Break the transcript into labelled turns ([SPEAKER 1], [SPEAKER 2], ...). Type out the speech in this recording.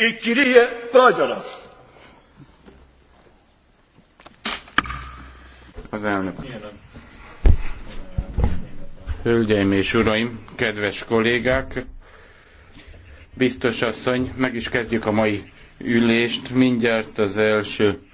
[SPEAKER 1] Η κυρία Πρόεδρος.
[SPEAKER 2] Az elnök. Hölgyeim és uraim, kedves kollégák, biztos asszony, meg is kezdjük a mai ülést. Mindjárt az első